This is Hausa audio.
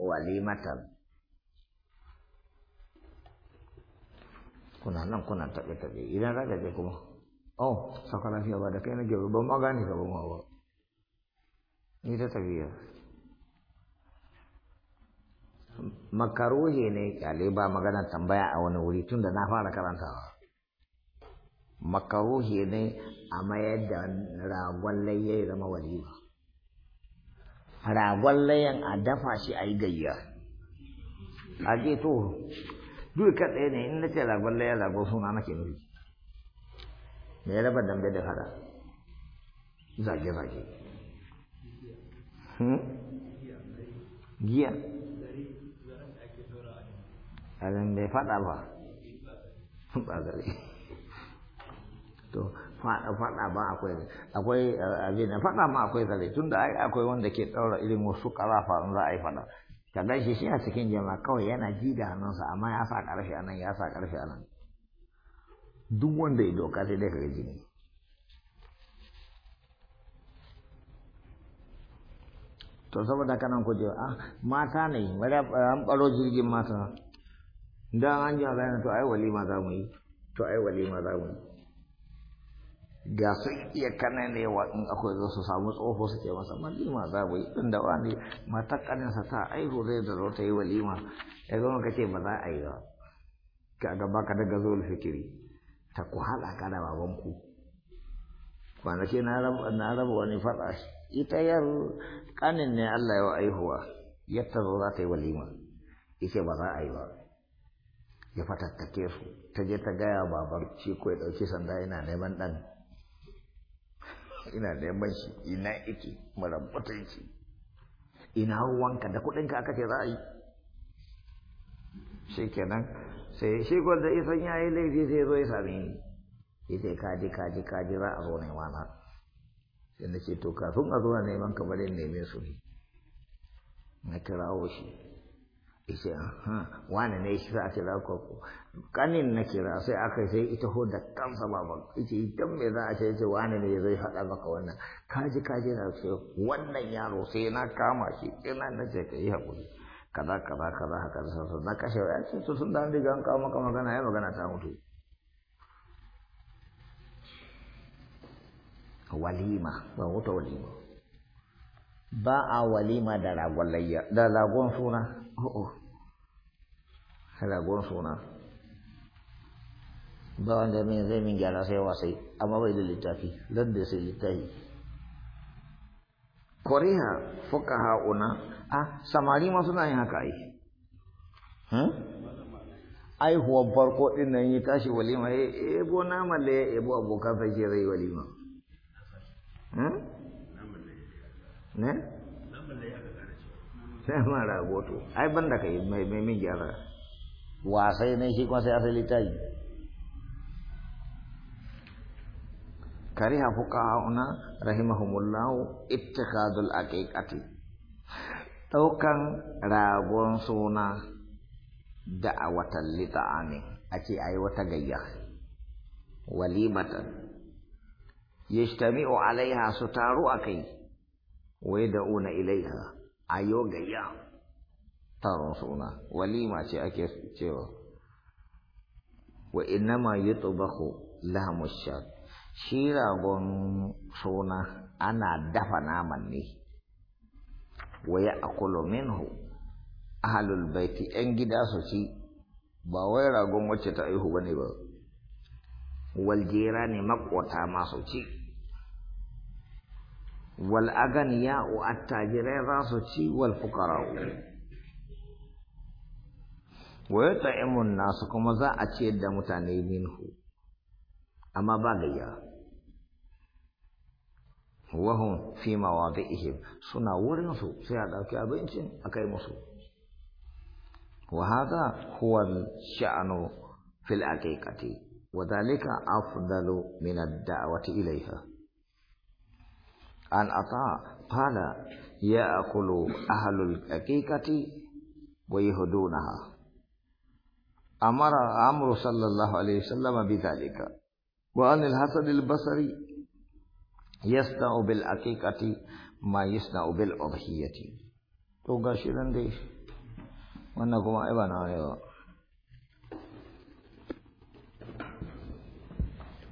walimatan kuna nan kuna tabe tabe idan za ka je kuma oh saka lafiya ba da kai na gaba ban ma gane ka ba ma ba ni ta tafiya makaruhi ne kyale ba magana tambaya a wani wuri tun da na fara karantawa makaruhi ne a mayar da ragon layya zama walima ragon layan a dafa shi a yi gayya a je to duk ka tsaye ne in na ce ragon layan ragon suna na ke nufi me ya raba dambe da fada zage-zage hmm? giya abin bai fada ba ba gare to faɗa ba akwai akwai eh, abin faɗa ma akwai zare tunda ai akwai wanda ke ɗaura irin wasu ƙarafa in za a yi faɗa ka gan shi shi a cikin jama'a kawai yana ji da hannunsa amma ya sa ƙarfi a nan ya sa ƙarfi a nan duk wanda ya doka sai dai ka jini to saboda kanan nan je ah mata ne eh, an ɓaro jirgin mata dan an ji a to ai walima za mu yi to ai walima za mu yi ga su iya kananewa in akwai zo su samu tsoho suke masa malima za mu yi ɗin da wani sa ta aihu zai da zo ta yi walima ya zama ka ce ba za a yi ba ka gaba ka daga zo fikiri ta ku hada ka da babanku kwanaki na raba wani faɗa ita yar kanin ne Allah ya wa aihuwa yadda zo za ta yi walima ita ba za a yi ba ya fatattake su ta je ta gaya babar shi ko ya ɗauki sanda yana neman ɗan ina neman shi ina ike marambutan shi ina ruwanka da kuɗinka aka ce za a yi shi kenan sai shi gwanda isan ya yi laifi sai zo ya same ni ya ce kaji kaji kaji za a zo nema na sai na ce to kafin a zo na neman kamar yin neme su ne na kirawo shi yace wani ne shi za a kira ko kanin na kira sai aka sai ita ho da kansa baban ita don me za a ce ce wani ne zai faɗa maka wannan kaji kaji na ce wannan yaro sai na kama shi ina na ce yi hakuri kaza kaza kaza haka da na kashe ya ce to sun da riga an kawo maka magana ya magana ta mutu walima ba wuta walima ba a walima da ragon layya da ragon suna oh, oh. ragon suna ba wanda min zai min gyara sai wasai amma bai da littafi da sai littafi koriha fuka ha'una a samari ma suna yin haka yi hmm? aihuwar farko din nan yi tashi walima ya ebo na da ya ebo abokan fashe zai walima ne sai ma rago to ai ban da kai mai mai min gyara wasai ne shi kuma sai asali ta yi kariha fuqaha'una rahimahumullahu ittikadul aqiqati daukan ragon suna da a watan lita'amin a ce a yi wata gayya walimatan yajtami'u alaiha su taru a kai wai da una ilaiha a yau gayya taron suna walima ce ake cewa wa ma yutbahu lahmu shad shi ragon suna ana dafa naman ne wa ya'kulu minhu ahlul baiti yan gida su ci ba wai ragon wacce ta aihu bane ba wal jirani makwata ma ci wal ya wa attajirai za su ci wal fukara wa yat'imun nasu kuma za a ciyar da mutane minhu amma ba gayya wahum fi mawadhi'ihim suna wurin su sai a ɗauki abincin akai musu wa hadha huwa sha'nu fil aqiqati wa afu afdalu min ad-da'wati ilayha عن عطاء قال يأكل أهل الحقيقة ويهدونها أمر عمرو صلى الله عليه وسلم بذلك وعن الحسن البصري يصنع بالحقيقة ما يصنع بالأضحية تو غاشرن دي وانا كما ايوانا آیا